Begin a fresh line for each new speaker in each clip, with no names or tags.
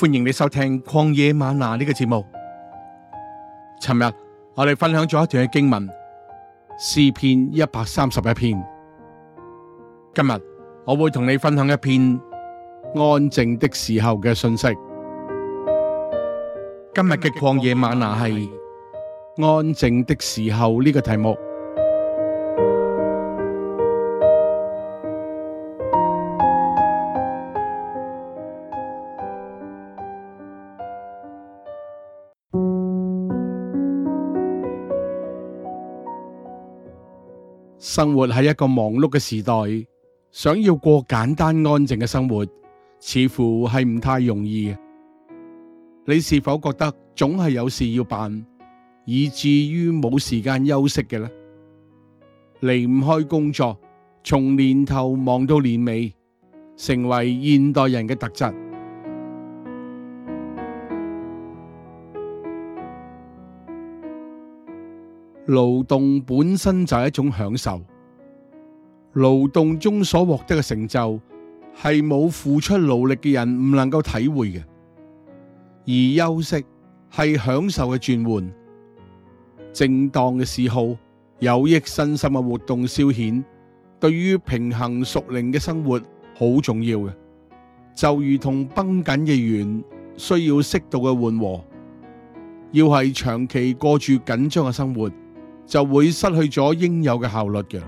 歡迎你收聽《曠野嗎哪》呢、這個節目。尋日我哋分享咗一段經文，詩篇一百三十一篇。今日我會同你分享一篇安靜的時候嘅信息。今日嘅曠野嗎哪係安靜的時候呢、這個題目。生活喺一個忙碌嘅時代，想要過簡單安靜嘅生活，似乎係唔太容易嘅。你是否覺得總係有事要辦，以至於冇時間休息嘅呢？離唔開工作，從年頭忙到年尾，成為現代人嘅特質。勞動本身就係一種享受，勞動中所獲得嘅成就係冇付出努力嘅人唔能夠體會嘅。而休息係享受嘅轉換，正當嘅嗜好、有益身心嘅活動、消遣，對於平衡屬靈嘅生活好重要嘅。就如同繃緊嘅弦，需要適度嘅緩和。要係長期過住緊張嘅生活。就會失去咗應有嘅效率嘅。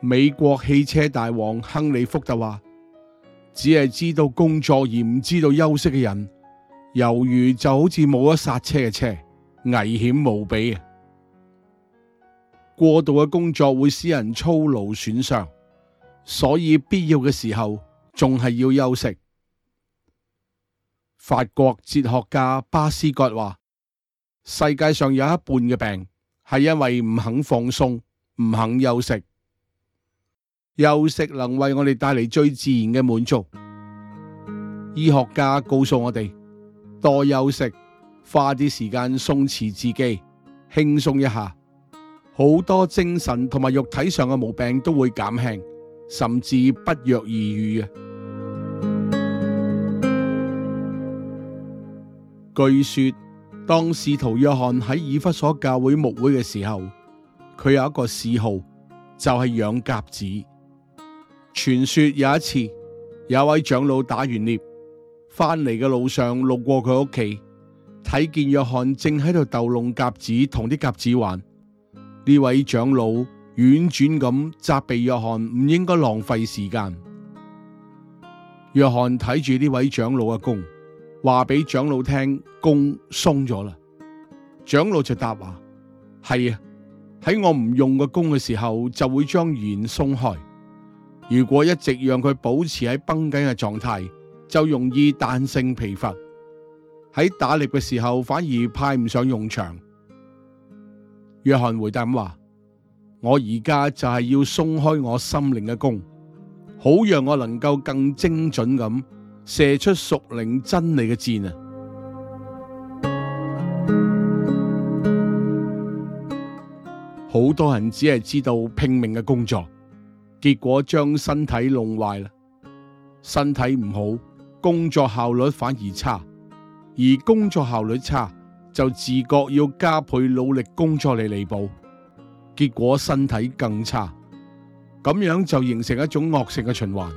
美國汽車大王亨利福特話：只係知道工作而唔知道休息嘅人，猶豫就好似冇咗剎車嘅車，危險無比嘅。過度嘅工作會使人操勞損傷，所以必要嘅時候仲係要休息。法國哲學家巴斯葛話：世界上有一半嘅病係因為唔肯放鬆、唔肯休息。休息能為我哋帶嚟最自然嘅滿足。醫學家告訴我哋，多休息，花啲時間鬆弛自己，輕鬆一下，好多精神同埋肉體上嘅毛病都會減輕，甚至不藥而愈。據說，當使徒約翰喺以弗所教會牧會嘅時候，佢有一個嗜好就係、是、養鴿子。傳說有一次，有位長老打完獵，翻嚟嘅路上路過佢屋企，睇見約翰正喺度逗弄鴿子同啲鴿子玩。呢位長老婉轉咁責備約翰唔應該浪費時間。約翰睇住呢位長老嘅工。話俾長老聽，弓鬆咗啦。長老就答話：係啊，喺我唔用個弓嘅時候，就會將弦鬆開。如果一直讓佢保持喺繃緊嘅狀態，就容易彈性疲乏。喺打獵嘅時候反而派唔上用場。約翰回答話：我而家就係要鬆開我心靈嘅弓，好讓我能夠更精準咁。射出屬靈真理嘅箭啊！好多人只係知道拼命嘅工作，結果將身體弄壞啦。身體唔好，工作效率反而差，而工作效率差，就自覺要加倍努力工作嚟彌補，結果身體更差，咁樣就形成一種惡性嘅循環。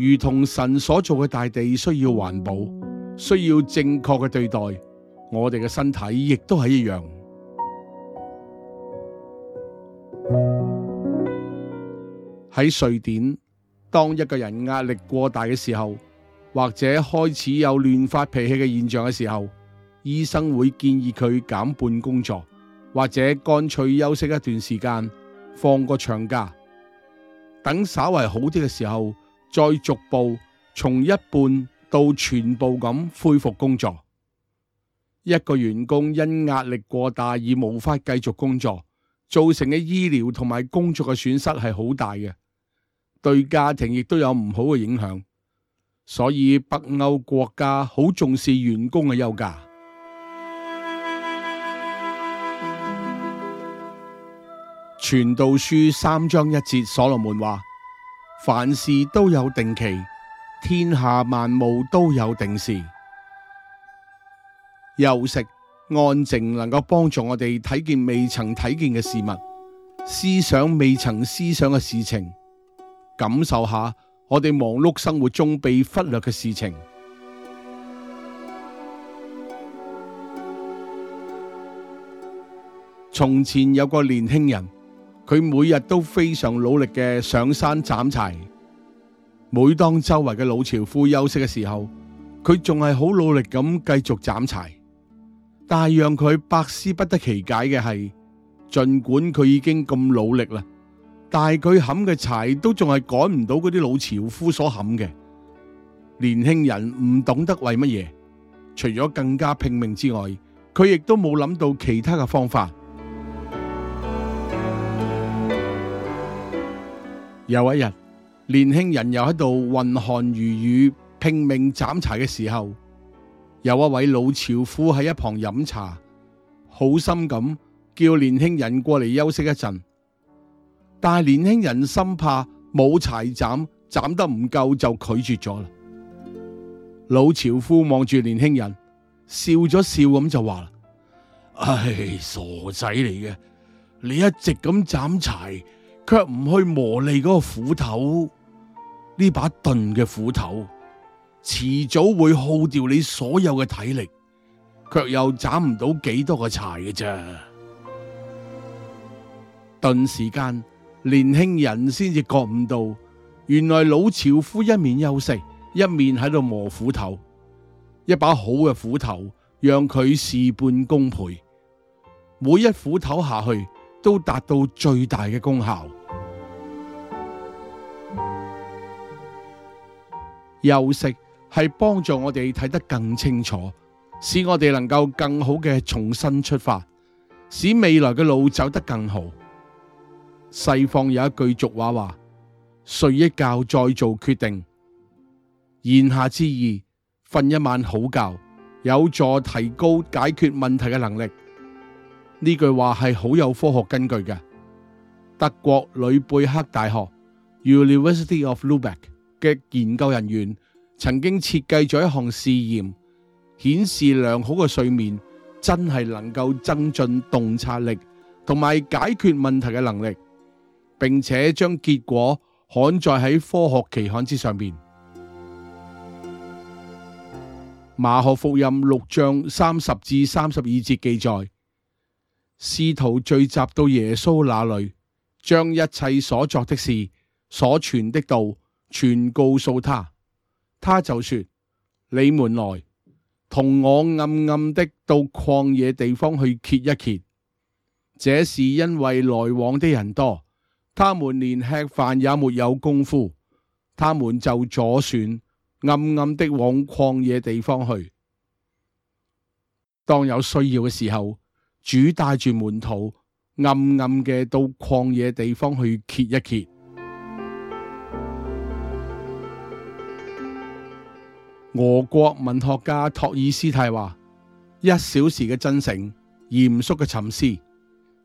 如同神所造嘅大地需要環保，需要正確嘅對待，我哋嘅身體亦都係一樣。喺瑞典，當一個人壓力過大嘅時候，或者開始有亂發脾氣嘅現象嘅時候，醫生會建議佢減半工作，或者乾脆休息一段時間，放個長假，等稍為好啲嘅時候。再逐步從一半到全部咁恢復工作。一個員工因壓力過大而無法繼續工作，造成嘅醫療同埋工作嘅損失係好大嘅，對家庭亦都有唔好嘅影響。所以北歐國家好重視員工嘅休假。傳道書三章一節，所羅門話。凡事都有定期，天下萬物都有定時。休息安靜能夠幫助我哋睇見未曾睇見嘅事物，思想未曾思想嘅事情，感受下我哋忙碌生活中被忽略嘅事情。從前有個年輕人。佢每日都非常努力嘅上山斬柴，每當周圍嘅老樵夫休息嘅時候，佢仲係好努力咁繼續斬柴。但係讓佢百思不得其解嘅係，盡管佢已經咁努力啦，但係佢冚嘅柴都仲係趕唔到嗰啲老樵夫所冚嘅。年輕人唔懂得為乜嘢，除咗更加拼命之外，佢亦都冇諗到其他嘅方法。有一日，年輕人又喺度揮汗如雨，拼命斬柴嘅時候，有一位老樵夫喺一旁飲茶，好心咁叫年輕人過嚟休息一陣。但係年輕人心怕冇柴斬，斬得唔夠就拒絕咗啦。老樵夫望住年輕人，笑咗笑咁就話啦：唉，傻仔嚟嘅，你一直咁斬柴。卻唔去磨利嗰個斧頭，呢把鈍嘅斧頭，遲早會耗掉你所有嘅體力，卻又斬唔到幾多個柴嘅啫。頓時間，年輕人先至覺悟到，原來老樵夫一面休息，一面喺度磨斧頭，一把好嘅斧頭，讓佢事半功倍，每一斧頭下去都達到最大嘅功效。休息係幫助我哋睇得更清楚，使我哋能夠更好嘅重新出發，使未來嘅路走得更好。西方有一句俗話話：睡一覺再做決定。言下之意，瞓一晚好覺有助提高解決問題嘅能力。呢句話係好有科學根據嘅。德國呂貝克大學 （University of Lubeck） 嘅研究人員曾經設計咗一項試驗，顯示良好嘅睡眠真係能夠增進洞察力同埋解決問題嘅能力，並且將結果刊載在喺科學期刊之上面。馬可福音六章三十至三十二節記載，使徒聚集到耶穌那裏，將一切所作的事、所傳的道。全告訴他，他就說：你們來同我暗暗的到曠野地方去歇一歇。」這是因為來往的人多，他們連吃飯也沒有功夫，他們就坐船暗暗的往曠野地方去。當有需要嘅時候，主帶住門徒暗暗嘅到曠野地方去歇一歇。俄國文學家托爾斯泰話：一小時嘅真誠、嚴肅嘅沉思，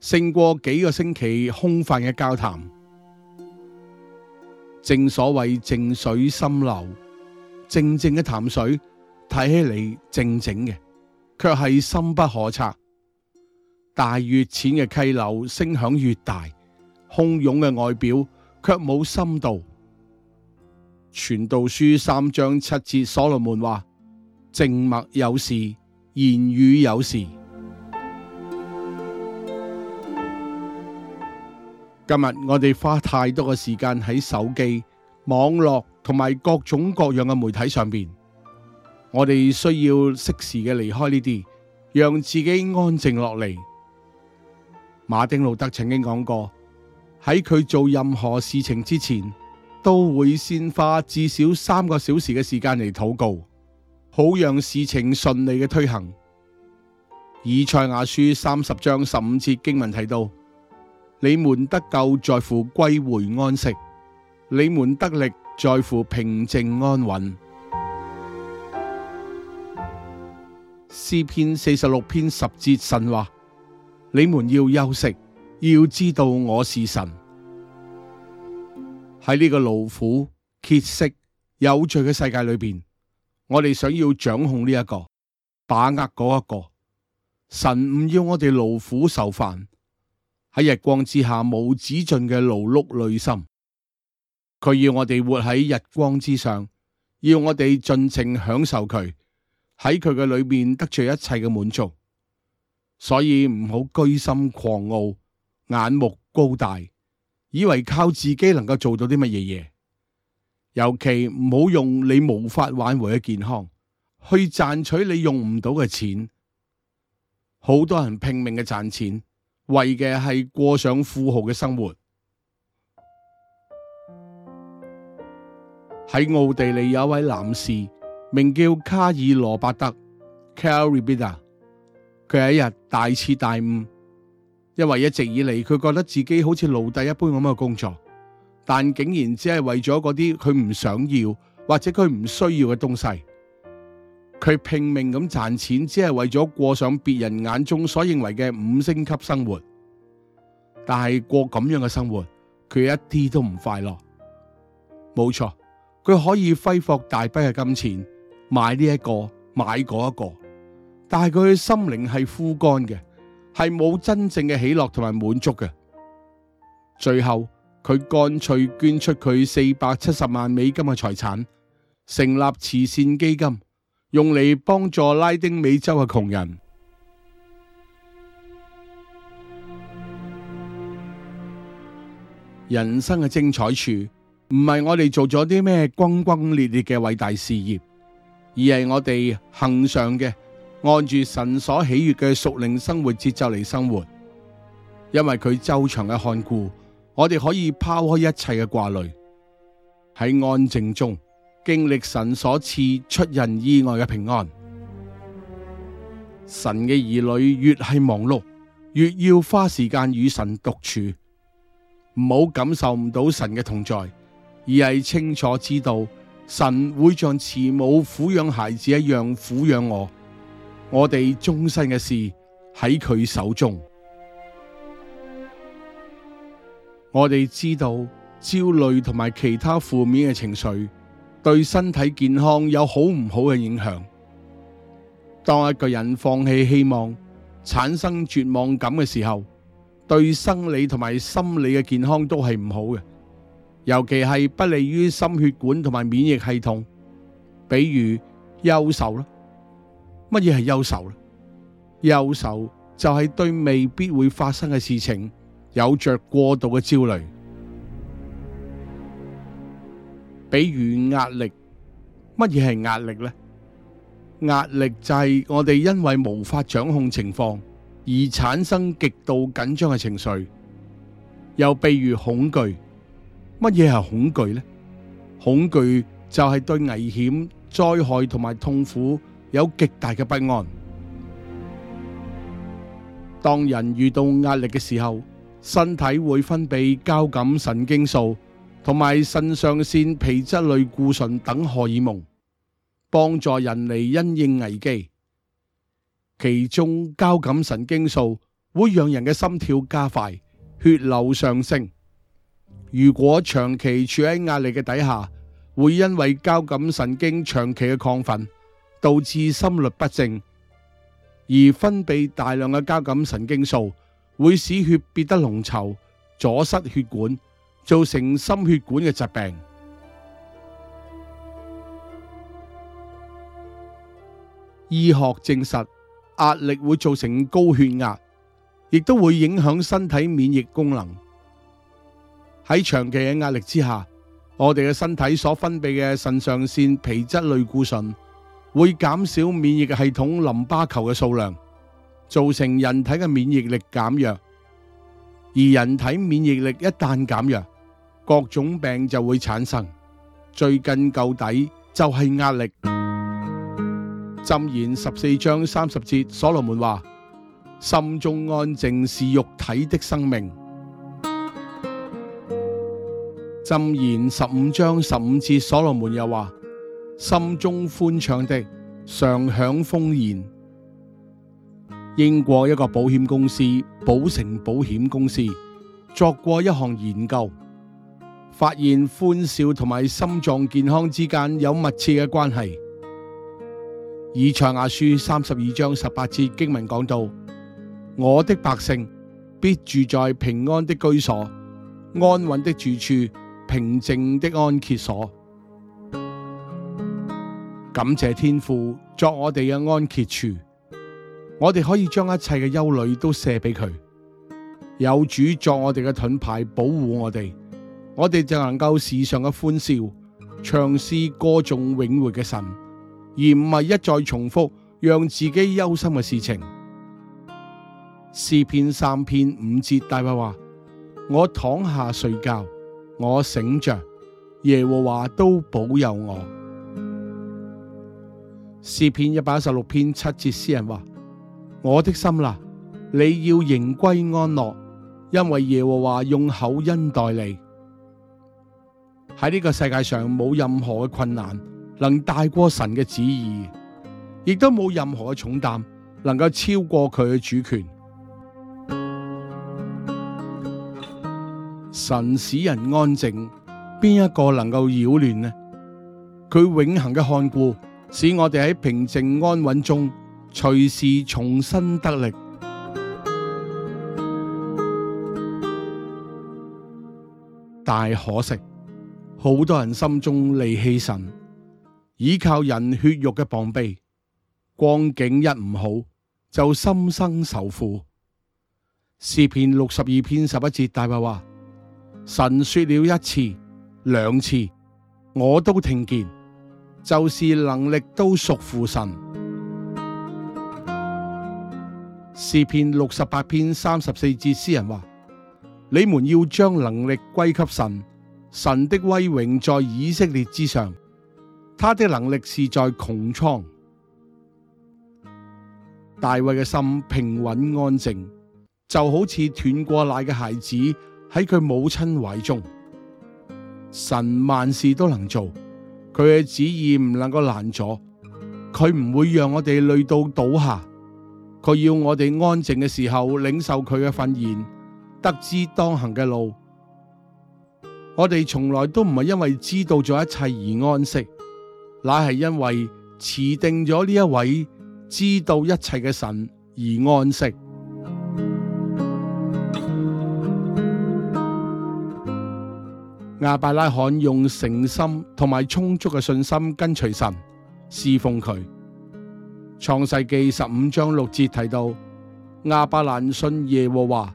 勝過幾個星期空泛嘅交談。正所謂靜水深流，靜靜嘅潭水睇起嚟靜靜嘅，卻係深不可測。大越淺嘅溪流聲響越大，洶湧嘅外表卻冇深度。傳道書三章七節，所羅門話：靜默有時，言語有時。今日我哋花太多嘅時間喺手機、網絡同埋各種各樣嘅媒體上邊，我哋需要適時嘅離開呢啲，讓自己安靜落嚟。馬丁路德曾經講過：喺佢做任何事情之前。都會先花至少三個小時嘅時間嚟禱告，好讓事情順利嘅推行。以賽亞書三十章十五節經文提到：你們得救在乎歸回安息，你們得力在乎平靜安穩。詩篇四十六篇十節神話：你們要休息，要知道我是神。喺呢個勞苦、結識、有罪嘅世界裏邊，我哋想要掌控呢一個、把握嗰一個，神唔要我哋勞苦受煩，喺日光之下冇止盡嘅勞碌累心。佢要我哋活喺日光之上，要我哋盡情享受佢喺佢嘅裏面得著一切嘅滿足。所以唔好居心狂傲，眼目高大。以為靠自己能夠做到啲乜嘢嘢，尤其唔好用你無法挽回嘅健康去賺取你用唔到嘅錢。好多人拼命嘅賺錢，為嘅係過上富豪嘅生活。喺奧地利有一位男士名叫卡爾羅伯特 （Karl Ribda），佢係一日大徹大悟。因為一直以嚟佢覺得自己好似奴隸一般咁嘅工作，但竟然只係為咗嗰啲佢唔想要或者佢唔需要嘅東西，佢拼命咁賺錢，只係為咗過上別人眼中所認為嘅五星級生活。但係過咁樣嘅生活，佢一啲都唔快樂。冇錯，佢可以揮霍大筆嘅金錢買呢一個，買嗰一個，但係佢嘅心靈係枯乾嘅。係冇真正嘅喜樂同埋滿足嘅。最後佢乾脆捐出佢四百七十萬美金嘅財產，成立慈善基金，用嚟幫助拉丁美洲嘅窮人。人生嘅精彩處，唔係我哋做咗啲咩轟轟烈烈嘅偉大事業，而係我哋行上嘅。按住神所喜悦嘅屬靈生活節奏嚟生活，因為佢周長嘅看顧，我哋可以拋開一切嘅掛慮，喺安靜中經歷神所賜出人意外嘅平安。神嘅兒女越係忙碌，越要花時間與神獨處，唔好感受唔到神嘅同在，而係清楚知道神會像慈母撫養孩子一樣撫養我。我哋終身嘅事喺佢手中。我哋知道，焦慮同埋其他負面嘅情緒對身體健康有好唔好嘅影響。當一個人放棄希望、產生絕望感嘅時候，對生理同埋心理嘅健康都係唔好嘅，尤其係不利於心血管同埋免疫系統，比如憂愁啦。乜嘢係憂愁呢？憂愁就係對未必會發生嘅事情有着過度嘅焦慮。比如壓力，乜嘢係壓力呢？壓力就係我哋因為無法掌控情況而產生極度緊張嘅情緒。又譬如恐懼，乜嘢係恐懼呢？恐懼就係對危險、災害同埋痛苦有極大嘅不安。當人遇到壓力嘅時候，身體會分泌交感神經素同埋腎上腺皮質類固醇等荷爾蒙，幫助人嚟因應危機。其中交感神經素會讓人嘅心跳加快、血流上升。如果長期處喺壓力嘅底下，會因為交感神經長期嘅亢奮。導致心律不正，而分泌大量嘅交感神經素，會使血變得濃稠，阻塞血管，造成心血管嘅疾病。醫學證實，壓力會造成高血壓，亦都會影響身體免疫功能。喺長期嘅壓力之下，我哋嘅身體所分泌嘅腎上腺皮質類固醇。會減少免疫系統淋巴球嘅數量，造成人體嘅免疫力減弱。而人體免疫力一旦減弱，各種病就會產生。追根究底就係壓力。箴言十四章三十節，所羅門話：心中安靜是肉體的生命。箴言十五章十五節，所羅門又話。心中歡暢的，常享豐筵。英國一個保險公司，保誠保險公司作過一項研究，發現歡笑同埋心臟健康之間有密切嘅關係。以賽亞書三十二章十八節經文講到：我的百姓必住在平安的居所、安穩的住處、平靜的安歇所。感謝天父作我哋嘅安歇處，我哋可以將一切嘅憂慮都卸俾佢。有主作我哋嘅盾牌保護我哋，我哋就能夠時常嘅歡笑，嘗試歌頌永活嘅神，而唔係一再重複讓自己憂心嘅事情。詩篇三篇五節大衛話：我躺下睡覺，我醒着，耶和華都保佑我。詩篇一百一十六篇七節，詩人話：我的心啦，你要迎歸安樂，因為耶和華用口恩待你。喺呢個世界上，冇任何嘅困難能大過神嘅旨意，亦都冇任何嘅重擔能夠超過佢嘅主權。神使人安靜，邊一個能夠擾亂呢？佢永恒嘅看顧。使我哋喺平靜安穩中隨時重新得力，但可惜好多人心中離棄神，依靠人血肉嘅膀臂，光景一唔好就心生愁苦。詩篇六十二篇十一節大衛話：神說了一次、兩次，我都聽見。就是能力都屬乎神。詩篇六十八篇三十四節詩人話：你們要將能力歸給神，神的威榮在以色列之上，他的能力是在穹蒼。大衛嘅心平穩安靜，就好似斷過奶嘅孩子喺佢母親懷中。神萬事都能做。佢嘅旨意唔能夠攔阻，佢唔會讓我哋累到倒下，佢要我哋安靜嘅時候，領受佢嘅訓言，得知當行嘅路。我哋從來都唔係因為知道咗一切而安息，乃係因為持定咗呢一位知道一切嘅神而安息。亞伯拉罕用誠心同埋充足嘅信心跟隨神，侍奉佢。創世記十五章六節提到，亞伯蘭信耶和華，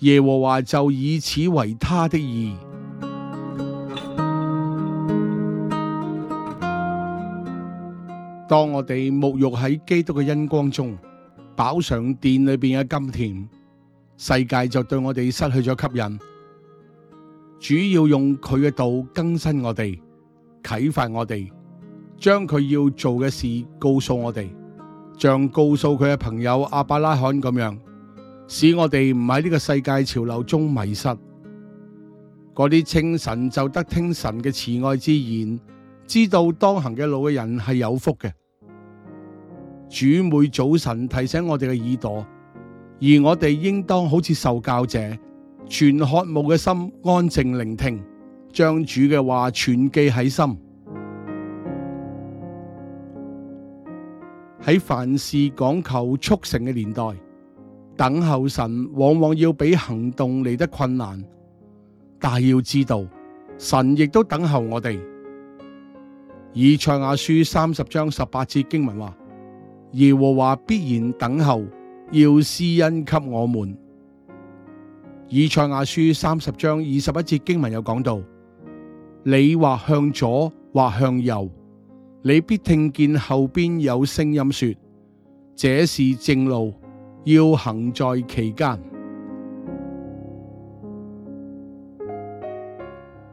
耶和華就以此為他的義。當我哋沐浴喺基督嘅恩光中，飽嘗殿裏邊嘅甘甜，世界就對我哋失去咗吸引。主要用佢嘅道更新我哋、啟發我哋，將佢要做嘅事告訴我哋，像告訴佢嘅朋友亞伯拉罕咁樣，使我哋唔喺呢個世界潮流中迷失。嗰啲清晨就得聽神嘅慈愛之言，知道當行嘅路嘅人係有福嘅。主每早晨提醒我哋嘅耳朵，而我哋應當好似受教者。全渴慕嘅心安靜聆聽，將主嘅話存記喺心。喺凡事講求速成嘅年代，等候神往往要比行動嚟得困難。但要知道，神亦都等候我哋。以賽亞書三十章十八節經文話：耶和華必然等候，要施恩給我們。以賽亞書三十章二十一節經文有講到：「你或向左，或向右，你必聽見後邊有聲音說：這是正路，要行在其間。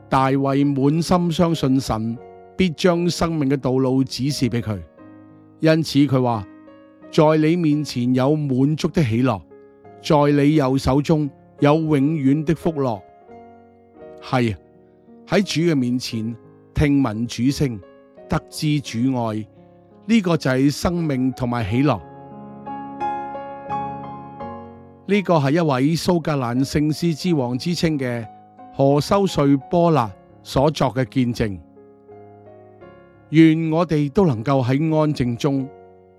大衛滿心相信神必將生命嘅道路指示俾佢，因此佢話：在你面前有滿足的喜樂，在你右手中。有永遠的福樂，係喺主嘅面前聽聞主聲，得知主愛，呢個就係生命同埋喜樂。呢個係一位蘇格蘭聖詩之王之稱嘅何修瑞波納所作嘅見證。願我哋都能夠喺安靜中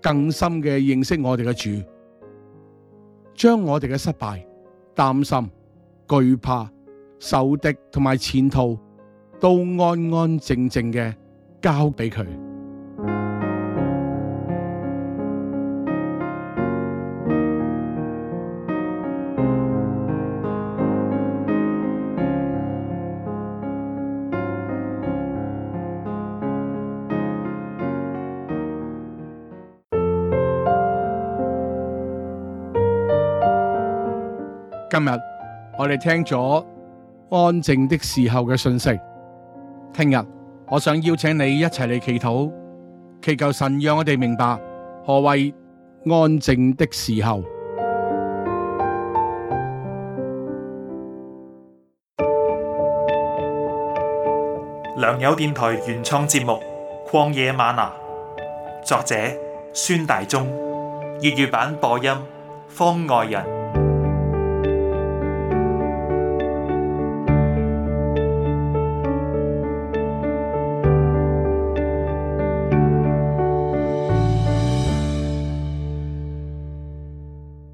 更深嘅認識我哋嘅主，將我哋嘅失敗。擔心、懼怕、仇敵同埋前途，都安安靜靜嘅交俾佢。今日我哋聽咗安靜的時候嘅信息，聽日我想邀請你一齊嚟祈禱，祈求神讓我哋明白何謂安靜的時候。良友電台原創節目《曠野嗎哪》，作者孫大中，粵語版播音方外人。